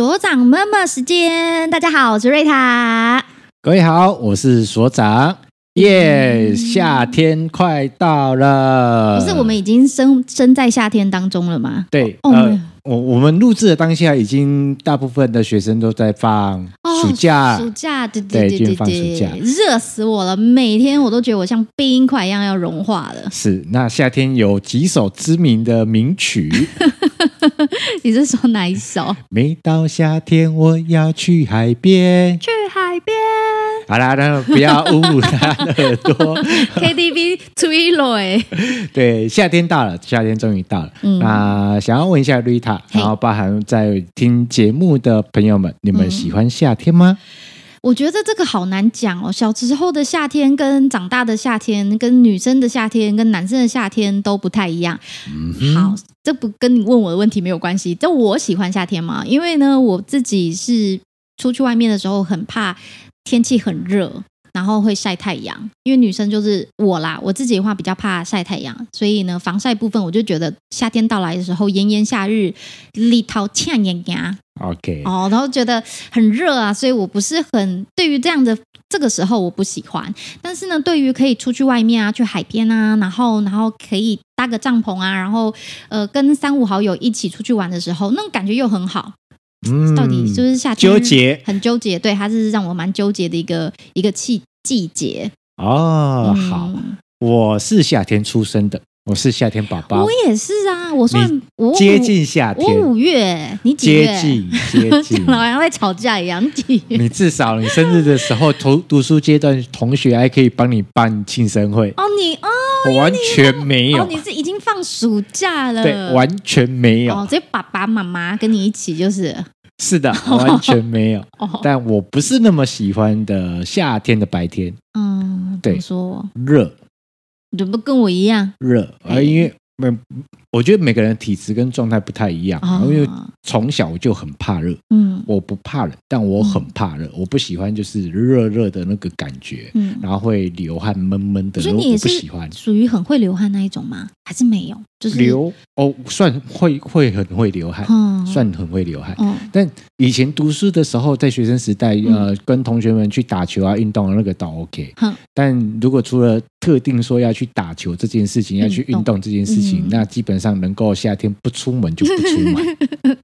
所長 murmur 時間，大家好，我是瑞塔。各位好，我是所長。耶，夏天快到了。不是我們已經生生在夏天當中了嗎？對，我我們錄製的當下，已經大部分的學生都在放暑假，暑假對對對放暑假，熱死我了！每天我都覺得我像冰塊一樣要融化了。是，那夏天有幾首知名的名曲？你是說哪一首？每到夏天，我要去海邊，去海邊。好啦，那不要捂他的耳朵 ，KTV 吹了誒。對，夏天到了，夏天終於到了。嗯、那想要問一下瑞塔，然後包含在聽節目的朋友們，嘿你們喜歡夏天嗎？嗯我覺得這個好難講哦，小時候的夏天跟長大的夏天，跟女生的夏天跟男生的夏天都不太一樣。嗯哼。好，這不跟你問我的問題沒有關係。但我喜歡夏天嘛，因為呢，我自己是出去外面的時候很怕天氣很熱。然後會曬太陽，因為女生就是我啦。我自己的話比較怕曬太陽，所以呢，防曬部分我就覺得夏天到來的時候，炎炎夏日裡頭嗆眼呀。OK，哦，然後覺得很熱啊，所以我不是很對於這樣的這個時候我不喜歡。但是呢，對於可以出去外面啊，去海邊啊，然後然後可以搭個帳篷啊，然後呃，跟三五好友一起出去玩的時候，那種感覺又很好。嗯，到底是不是夏天糾結，很糾結，糾結對，它是讓我蠻糾結的一個一個氣季節哦，嗯、好，我是夏天出生的，我是夏天寶寶。我也是啊，我算接近夏天，五月，你幾月？接近接近，接近老楊在吵架一樣。你、你至少你生日的時候，讀讀書階段，同學還可以幫你辦慶生會哦。你哦，我完全沒有、哦，你是已經放暑假了，對，完全沒有，只有、哦、爸爸媽媽跟你一起就是。是的，完全沒有。 但我不是那麼喜歡的夏天的白天。嗯，對。說？熱？你怎麼跟我一樣？熱，啊、哎，因為。我覺得每個人體質跟狀態不太一樣，因為從小就很怕熱。嗯，我不怕冷，但我很怕熱，我不喜歡就是熱熱的那個感覺，然後會流汗悶悶的。我不喜歡。我覺得你也是屬於很會流汗那一種嗎？還是沒有？就是流哦，算會會很會流汗，算很會流汗。但以前讀書的時候，在學生時代，呃，跟同學們去打球啊、運動啊，那個倒 OK。但如果除了特定說要去打球這件事情，運動要去運動這件事情，嗯、那基本上能夠夏天不出門就不出門，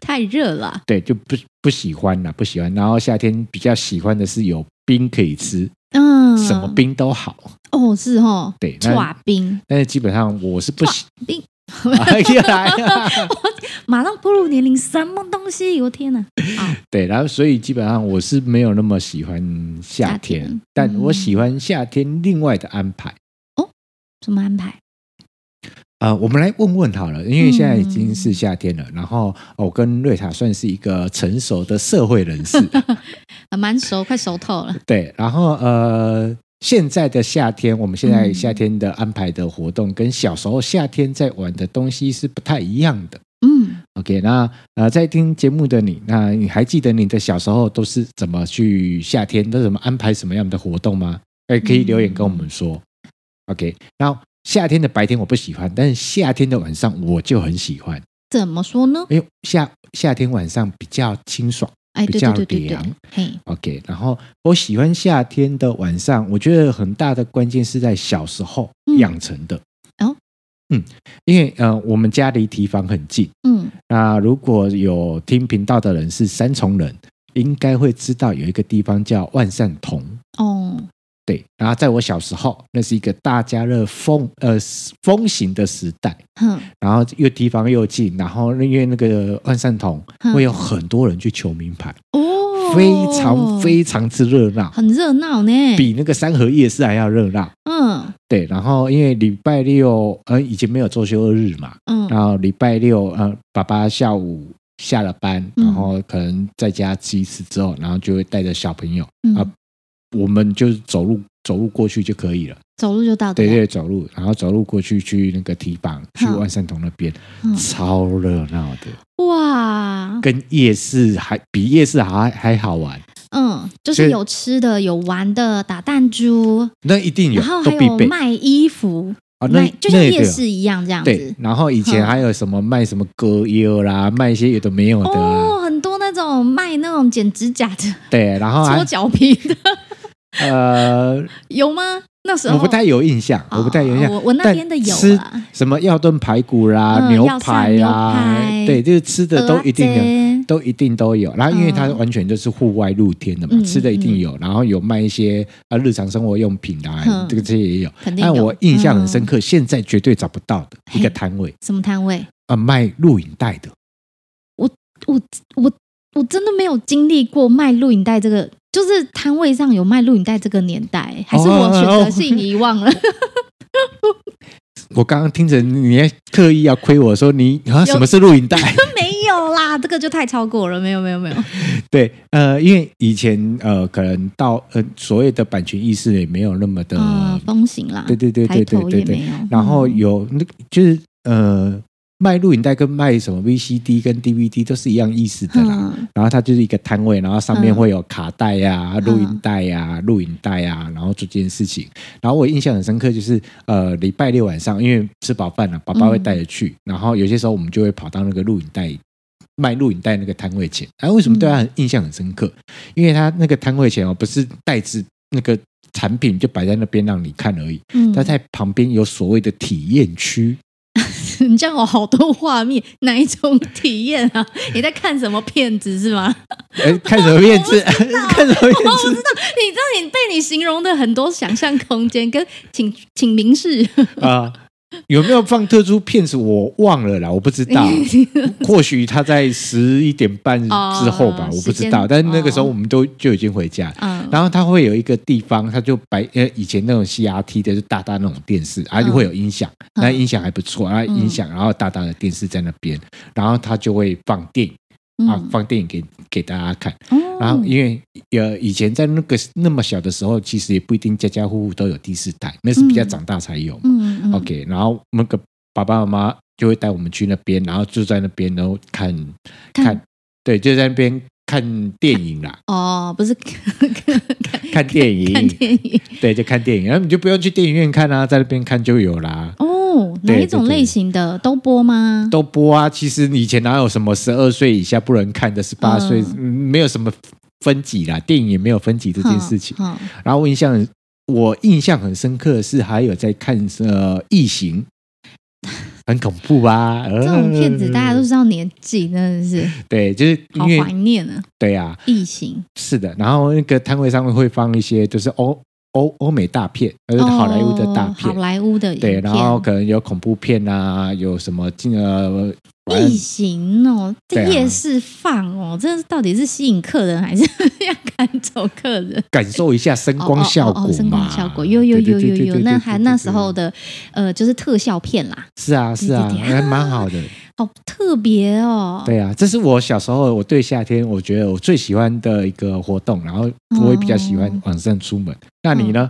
太熱了。對，就不不喜歡了，不喜歡。然後夏天比較喜歡的是有冰可以吃，嗯，什麼冰都好。哦，是哦。對，剉冰。但是基本上我是不喜歡冰哎呀！又來了，我馬上步入年齡，什麼東西？我、oh, 天哪！Oh. 對，然後所以基本上我是沒有那麼喜歡夏天，夏天嗯、但我喜歡夏天另外的安排。哦，什麼安排？呃，我們來問問好了，因為現在已經是夏天了。嗯、然後、哦、我跟瑞塔算是一個成熟的社會人士，啊， 蠻熟，快熟透了。對，然後呃。現在的夏天，我們現在夏天的安排的活動跟小時候夏天在玩的東西是不太一樣的。嗯，OK，那呃，那在聽節目的你，那你還記得你的小時候都是怎麼去夏天，都是怎麼安排什麼樣的活動嗎？哎，可以留言跟我們說。嗯、OK，然後夏天的白天我不喜歡，但是夏天的晚上我就很喜歡。怎麼說呢？哎，夏夏天晚上比較清爽。比較涼哎，對對對對對，OK。然後我喜歡夏天的晚上，我覺得很大的關鍵是在小時候養成的、嗯、哦，嗯，因為嗯、呃、我們家離堤防很近，嗯，那、啊、如果有聽頻道的人是三重人，應該會知道有一個地方叫萬善同。對，然後在我小時候，那是一個大家樂風呃風行的時代，嗯，然後又地方又近，然後因為那個萬善堂，嗯、會有很多人去求名牌哦，非常非常之熱鬧，很熱鬧呢，比那個三和夜市還要熱鬧，嗯，對，然後因為禮拜六呃已經沒有周休二日嘛，嗯，然後禮拜六呃爸爸下午下了班，然後可能在家吃一次之後，然後就會帶着小朋友啊，嗯、我們就走路。走路過去就可以了，走路就到。對對，走路，然後走路過去去那個堤壩，去萬善堂那邊，超熱鬧的。哇，跟夜市還比夜市還還好玩。嗯，就是有吃的，有玩的，打彈珠，那一定有。然後還有賣衣服啊，那就像夜市一樣這樣子。然後以前還有什麼賣什麼膏藥啦，賣一些有的沒有的。很多那種賣那種剪指甲的，對，然後搓腳皮的。呃，有嗎？那時候我不太有印象，我不太有印象。我我那邊的有吃什麼藥燉排骨啦，牛排啊，對，就是吃的都一定都一定都有。然後因為它完全就是戶外露天的嘛，吃的一定有。然後有賣一些啊日常生活用品啊，這個這些也有。但我印象很深刻，現在絕對找不到的一個攤位，什麼攤位？啊，賣錄影帶的。我我我。我真的沒有經歷過賣錄影帶這個，就是攤位上有賣錄影帶這個年代，還是我選擇性遺忘了？Oh, oh, oh, oh. 我剛剛聽着你還特意要虧我說，你啊，什麼是錄影帶，啊？沒有啦，這個就太超過了，沒有沒有沒有。沒有 對，呃，因為以前呃，可能到呃，所謂的版權意識也沒有那麼的、呃、風行啦。對對對對對，對對對。然後有那就是呃。賣錄影帶跟賣什麼 VCD 跟 DVD 都是一樣意思的啦，嗯、然後它就是一個攤位，然後上面會有卡帶呀、錄影帶呀、錄音帶呀，然後做這件事情。然後我印象很深刻，就是呃禮拜六晚上，因為吃飽飯了，啊，爸爸會帶着去，嗯、然後有些時候我們就會跑到那個錄影帶賣錄影帶那個攤位前。哎，啊，為什麼對它印象很深刻？嗯、因為它那個攤位前哦，不是帶子那個產品就擺在那邊讓你看而已，它、嗯、在旁邊有所謂的體驗區。你這樣哦，好多畫面，哪一種體驗啊？你在看什麼片子是嗎？欸，看什麼片子？ 看什麼片子？ 我不知道，你知道你被你形容的很多想象空間，跟請請明示啊。 有沒有放特殊片子？我忘了啦，我不知道。 或許他在十一點半之後吧，uh, 我不知道。但是那個時候我們都就已經回家。Uh, 然後他會有一個地方，他就擺，呃，以前那種 CRT 的就是大大的那種電視啊，uh, 會有音響，那音響還不錯，uh, 啊，音響，然後大大的電視在那邊，uh, 然後他就會放電影，uh, 啊，放電影給給大家看。Uh, 然後，因為有，以前在那個那麼小的時候，其實也不一定家家戶戶都有第四台，那是比較長大才有嘛。嗯嗯嗯、OK，然後我們個爸爸媽媽就會帶我們去那邊，然後住在那邊，然後看看，看，對，就在那邊。看電影啦！哦，不是呵呵看，看，看，看電影，看電影，對，就看電影，然後你就不用去電影院看啊，在那邊看就有啦。哦，對哪一種類型的對對對都播嗎？都播啊！其實以前哪有什麼十二歲以下不能看的，十八歲沒有什麼分級啦，電影也沒有分級這件事情。然後我印象，我印象很深刻的是還有在看呃異形。很恐怖啊！這種片子，大家都知道年紀，嗯、真的是對，就是好懷念了、啊。對啊，異形情是的。然後那個攤位上面會放一些，就是哦。歐歐美大片，好萊塢的大片，好萊塢的影片，對，然後可能有恐怖片啊，有什麼呃，異形哦，這夜市放哦，這到底是吸引客人還是要趕走客人？感受一下聲光效果，聲光效果，有有有有有，那還那時候的呃，就是特效片啦，是啊是啊，還蠻好的。好特別哦！對啊，這是我小時候我對夏天，我覺得我最喜歡的一個活動。然後我也比較喜歡晚上出門。嗯、那你呢？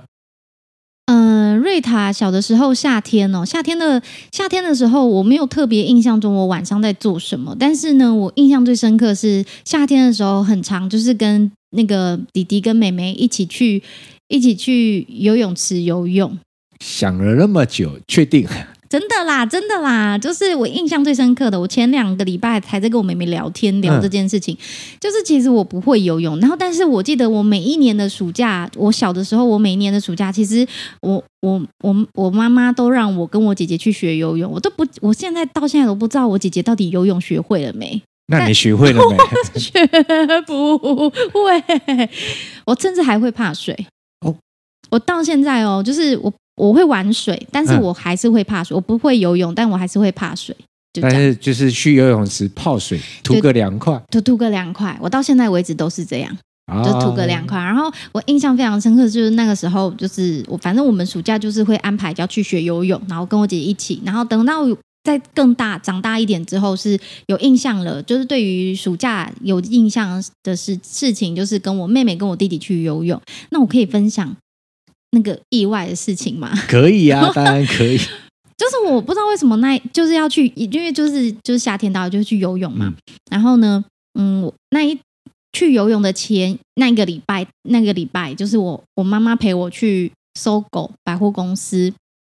嗯，瑞塔小的時候夏天哦，夏天的夏天的時候，我沒有特別印象中我晚上在做什麼。但是呢，我印象最深刻是夏天的時候很常，就是跟那個弟弟跟妹妹一起去一起去游泳池游泳。想了那麼久，確定。真的啦，真的啦，就是我印象最深刻的。我前兩個禮拜還在跟我妹妹聊天聊這件事情，嗯、就是其實我不會游泳，然後但是我記得我每一年的暑假，我小的時候，我每一年的暑假，其實我我我我媽媽都讓我跟我姐姐去學游泳，我都不，我現在到現在都不知道我姐姐到底游泳學會了沒？那你學會了沒？我學不會， 我甚至還會怕水。哦，我到現在哦，就是我。我會玩水，但是我還是會怕水。嗯、我不會游泳，但我還是會怕水。但是就是去游泳池泡水，圖個涼快，圖圖個涼快。我到現在為止都是這樣，哦、就圖個涼快。然後我印象非常深刻，就是那個時候，就是我反正我們暑假就是會安排要去學游泳，然後跟我姐姐一起。然後等到再更大長大一點之後，是有印象了。就是對於暑假有印象的事事情，就是跟我妹妹跟我弟弟去游泳。那我可以分享。那個意外的事情嘛，可以啊，當然可以。 就是我不知道為什麼那，就是要去，因為就是就是夏天到了，就是去游泳嘛。媽然後呢，嗯，那一去游泳的前那個禮拜，那個禮拜就是我我媽媽陪我去 SOGO 百貨公司。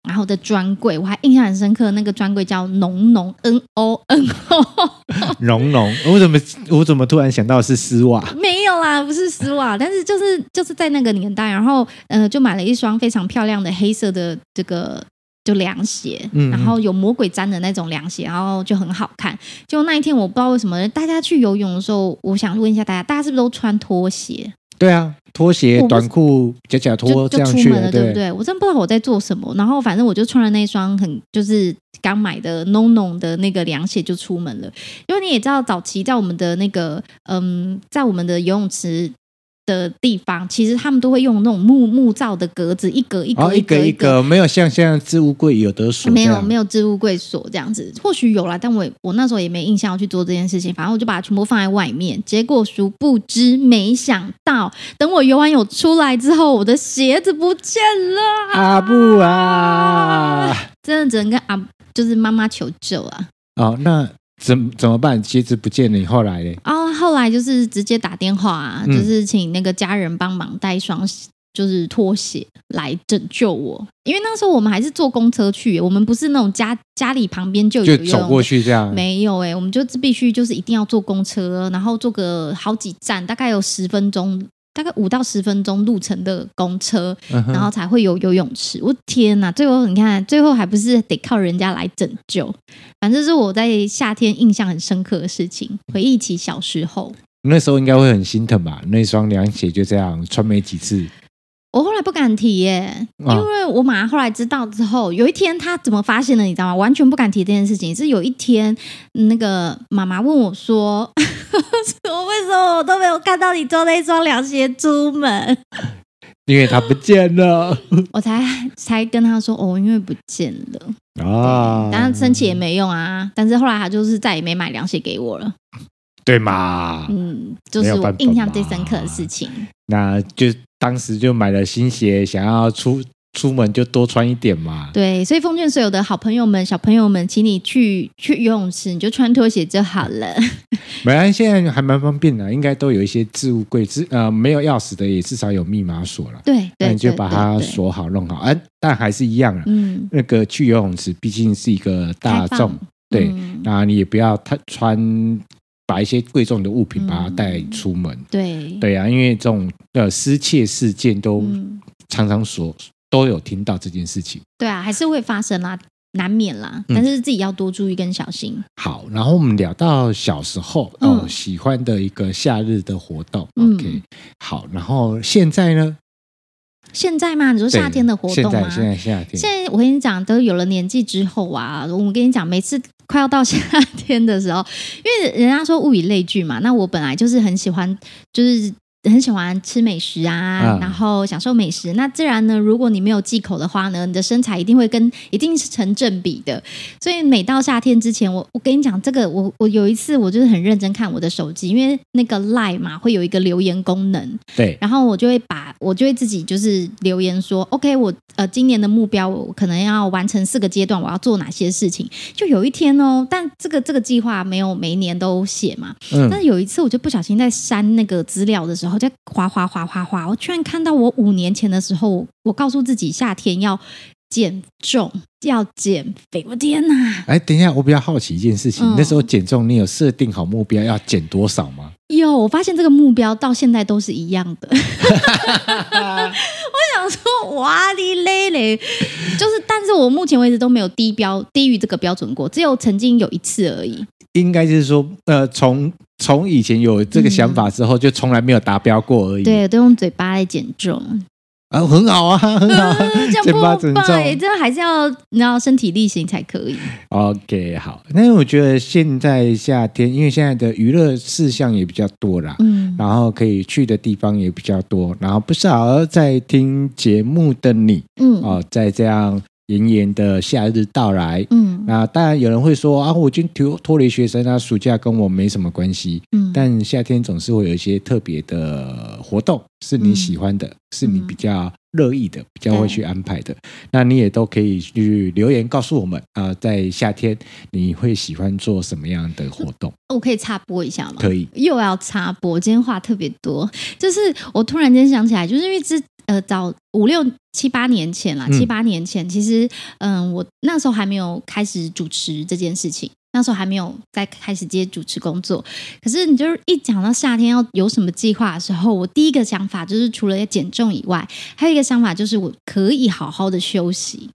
然後的專櫃，我還印象很深刻，那個專櫃叫濃濃 N O N O，濃濃， 我怎麼我怎麼突然想到是絲襪？沒有啦，不是絲襪，但是就是就是在那個年代，然後呃就買了一雙非常漂亮的黑色的這個就涼鞋，然後有魔鬼氈的那種涼鞋，然後就很好看。就那一天，我不知道為什麼大家去游泳的時候，我想問一下大家，大家是不是都穿拖鞋？對啊，拖鞋、短褲，夾腳、夾腳拖就就出門了這樣去了，對不對？我真不知道我在做什麼。然後反正我就穿了那雙很就是剛買的 NONO 的那個涼鞋就出門了，因為你也知道，早期在我們的那個，嗯，在我們的游泳池。的地方，其實他們都會用那種木木造的格子，一格一格，一格一格沒有像現在置物櫃有得鎖，沒有沒有置物櫃鎖這樣子，或許有啦，但我我那時候也沒印象要去做這件事情，反正我就把它全部放在外面。結果殊不知，沒想到等我游完泳出來之後，我的鞋子不見了。阿布啊，啊不啊真的只能跟阿就是媽媽求救啊！哦，那。怎怎麼辦？鞋子不見了，你後來呢？啊，後來就是直接打電話啊，就是請那個家人幫忙帶一雙就是拖鞋來拯救我，因為那時候我們還是坐公車去，我們不是那種家家裡旁邊就有就走過去這樣，沒有哎，我們就必須就是一定要坐公車，然後坐個好幾站，大概有十分鐘。大概五到十分鐘路程的公車，然後才會有游泳池。嗯哼。我天哪，啊！最後你看，最後還不是得靠人家來拯救？反正是我在夏天印象很深刻的事情。回憶起小時候，那時候應該會很心疼吧？那雙涼鞋就這樣穿沒幾次。我後來不敢提耶、欸、啊、因為我媽後來知道之後，有一天她怎麼發現了，你知道嗎？完全不敢提這件事情。是有一天，那個媽媽問我說：“我 為什麼我都沒有看到你穿那一雙涼鞋出門？”因為他不見了，我才才跟他說：“哦，因為不見了。哦”啊、嗯，然後生氣也沒用啊。但是後來他就是再也沒買涼鞋給我了。對嘛？嗯，就是我印象最深刻的事情。那就當時就買了新鞋，想要出出門就多穿一點嘛。對，所以奉勸所有的好朋友們、小朋友們，請你去去游泳池，你就穿拖鞋就好了。本來現在還蠻方便的，應該都有一些置物櫃，置呃沒有鑰匙的也至少有密碼鎖了。對，對，那你就把它鎖好、弄好。哎，但還是一樣，嗯，那個去游泳池畢竟是一個大眾，嗯，對，那你也不要太穿。把一些貴重的物品把它帶出門，嗯，對對啊，因為這種呃失竊事件都常常說、嗯、都有聽到這件事情，對啊，還是會發生啦，難免啦，嗯、但是自己要多注意跟小心。好，然後我們聊到小時候、嗯、哦喜歡的一個夏日的活動、嗯，OK，好，然後現在呢？現在嘛，你說夏天的活動嘛，現在現在夏天。現在我跟你講，都有了年紀之後啊，我跟你講，每次快要到夏天的時候，因為人家說物以類聚嘛，那我本來就是很喜歡，就是。很喜歡吃美食啊，然後享受美食，啊、那自然呢，如果你沒有忌口的話呢，你的身材一定會跟一定是成正比的。所以每到夏天之前，我我跟你講這個，我我有一次我就是很認真看我的手機，因為那個 Line 嘛會有一個留言功能，對，然後我就會把我就會自己就是留言說，對，OK，我呃今年的目標，我可能要完成四個階段，我要做哪些事情。就有一天哦、喔，但這個這個計劃沒有每一年都寫嘛，嗯、但是有一次我就不小心在刪那個資料的時候。我在滑滑滑滑滑，我居然看到我五年前的時候，我告訴自己夏天要減重，要減肥。我天哪、啊！哎、欸，等一下，我比較好奇一件事情，嗯、你那時候減重你有設定好目標要減多少嗎？有，我發現這個目標到現在都是一樣的。 我想說哇你累嘞， 就是，但是我目前為止都沒有低標低於這個標準過，只有曾經有一次而已。應該是說，呃，從從以前有這個想法之後，嗯、就從來沒有達標過而已。對，都用嘴巴來減重，啊、呃，很好啊，很好，嘴、呃、巴減重，對，這還是要你要身體力行才可以。OK，好。那我覺得現在夏天，因為現在的娛樂事項也比較多啦，嗯，然後可以去的地方也比較多，然後不少而在聽節目的你，嗯，哦，在這樣。炎炎的夏日到來，嗯，那、啊、當然有人會說啊，我今天脫脫離學生啊，暑假跟我沒什麼關係，嗯，但夏天總是會有一些特別的活動是你喜歡的，嗯、是你比較樂意的，嗯、比較會去安排的，嗯、那你也都可以去留言告訴我們啊，在夏天你會喜歡做什麼樣的活動？我可以插播一下嗎？可以，又要插播，我今天話特別多，就是我突然間想起來，就是因為之。呃，早五六七八年前了，嗯、七八年前，其實，嗯，我那時候還沒有開始主持這件事情，那時候還沒有在開始接主持工作。可是，你就是一講到夏天要有什麼計劃的時候，我第一個想法就是除了要減重以外，還有一個想法就是我可以好好的休息，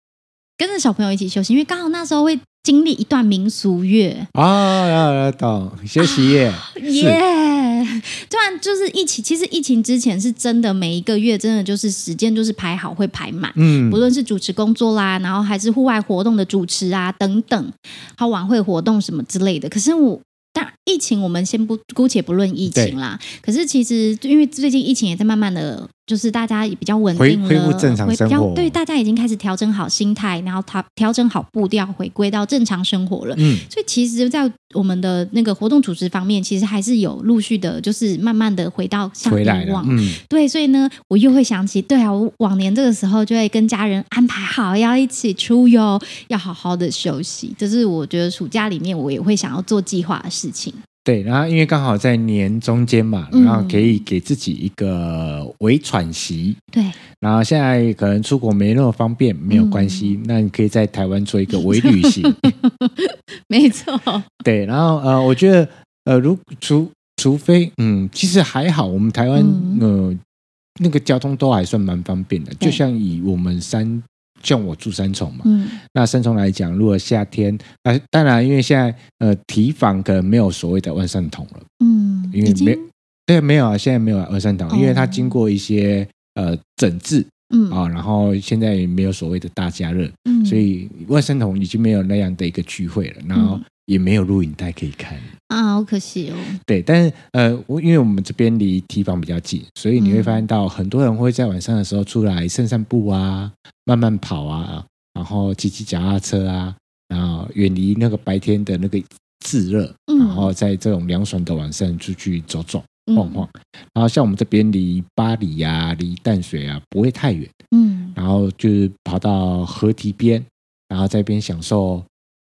跟着小朋友一起休息，因為剛好那時候會經歷一段民俗月啊、哦，來來，懂休息耶。是突然， 就是疫情。其實疫情之前是真的，每一個月真的就是時間就是排好會排滿，嗯，不論是主持工作啦，然後還是戶外活動的主持啊等等，還有晚會活動什麼之類的。可是我，但疫情我們先不姑且不論疫情啦。對 可是其實因為最近疫情也在慢慢的。就是大家也比較穩定了，恢復正常生活。比較，對，大家已經開始調整好心態，然後調調整好步調，回歸到正常生活了。嗯，所以其實，在我們的那個活動組織方面，其實還是有陸續的，就是慢慢的回到上來往。嗯，對，所以呢，我又會想起，對啊，我往年這個時候就會跟家人安排好要一起出遊，要好好的休息。這是我覺得暑假裡面我也會想要做計劃的事情。對，然後因為剛好在年中間嘛，然後可以給自己一個微喘息、嗯。對，然後現在可能出國沒那麼方便，沒有關係，嗯、那你可以在台灣做一個微旅行。呵呵呵沒錯。對，然後呃，我覺得呃，如除除非，嗯，其實還好，我們台灣、嗯、呃那個交通都還算蠻方便的，對就像以我們三。像我住三重嘛，嗯、那三重來講，如果夏天，那當然，因為現在呃，堤防可能沒有所謂的萬善堂了，嗯，因為沒經對，沒有啊，現在沒有、啊、萬善堂，因為它經過一些呃整治，嗯啊、哦，然後現在也沒有所謂的大家樂，嗯，所以萬善堂已經沒有那樣的一個聚會了，然後。也沒有錄影帶可以看。啊，好可惜哦。對，但是呃，因為我們這邊離堤防比較近，所以你會發現到很多人會在晚上的時候出來散散步啊，慢慢跑啊，然後騎騎腳踏車啊，然後遠離那個白天的那個炙熱，然後在這種涼爽的晚上出去走走，晃晃。嗯、然後像我們這邊離巴黎呀、啊、離淡水啊不會太遠，嗯，然後就是跑到河堤邊，然後在邊享受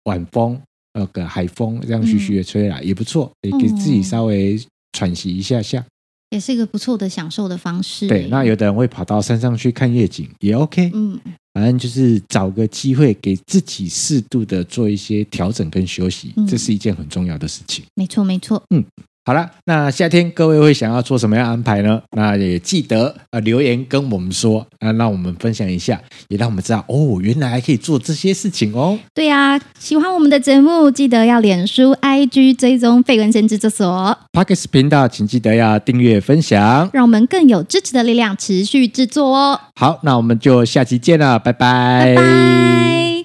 晚風。那個海風這樣徐徐的吹來，嗯、也不錯，也給自己稍微喘息一下下，也是一個不錯的享受的方式，欸。對，那有的人會跑到山上去看夜景，也 OK。嗯，反正就是找個機會給自己適度的做一些調整跟休息，嗯、這是一件很重要的事情。沒錯，沒錯。嗯。好了，那夏天各位會想要做什麼樣安排呢？那也記得、呃、留言跟我們說啊，讓我們分享一下，也讓我們知道哦，原來還可以做這些事情哦。對呀、啊，喜歡我們的節目，記得要臉書、IG 追蹤廢文獻製作所 Podcast 頻道，請記得要訂閱分享，讓我們更有支持的力量，持續製作哦。好，那我們就下期見了，拜，拜，拜拜。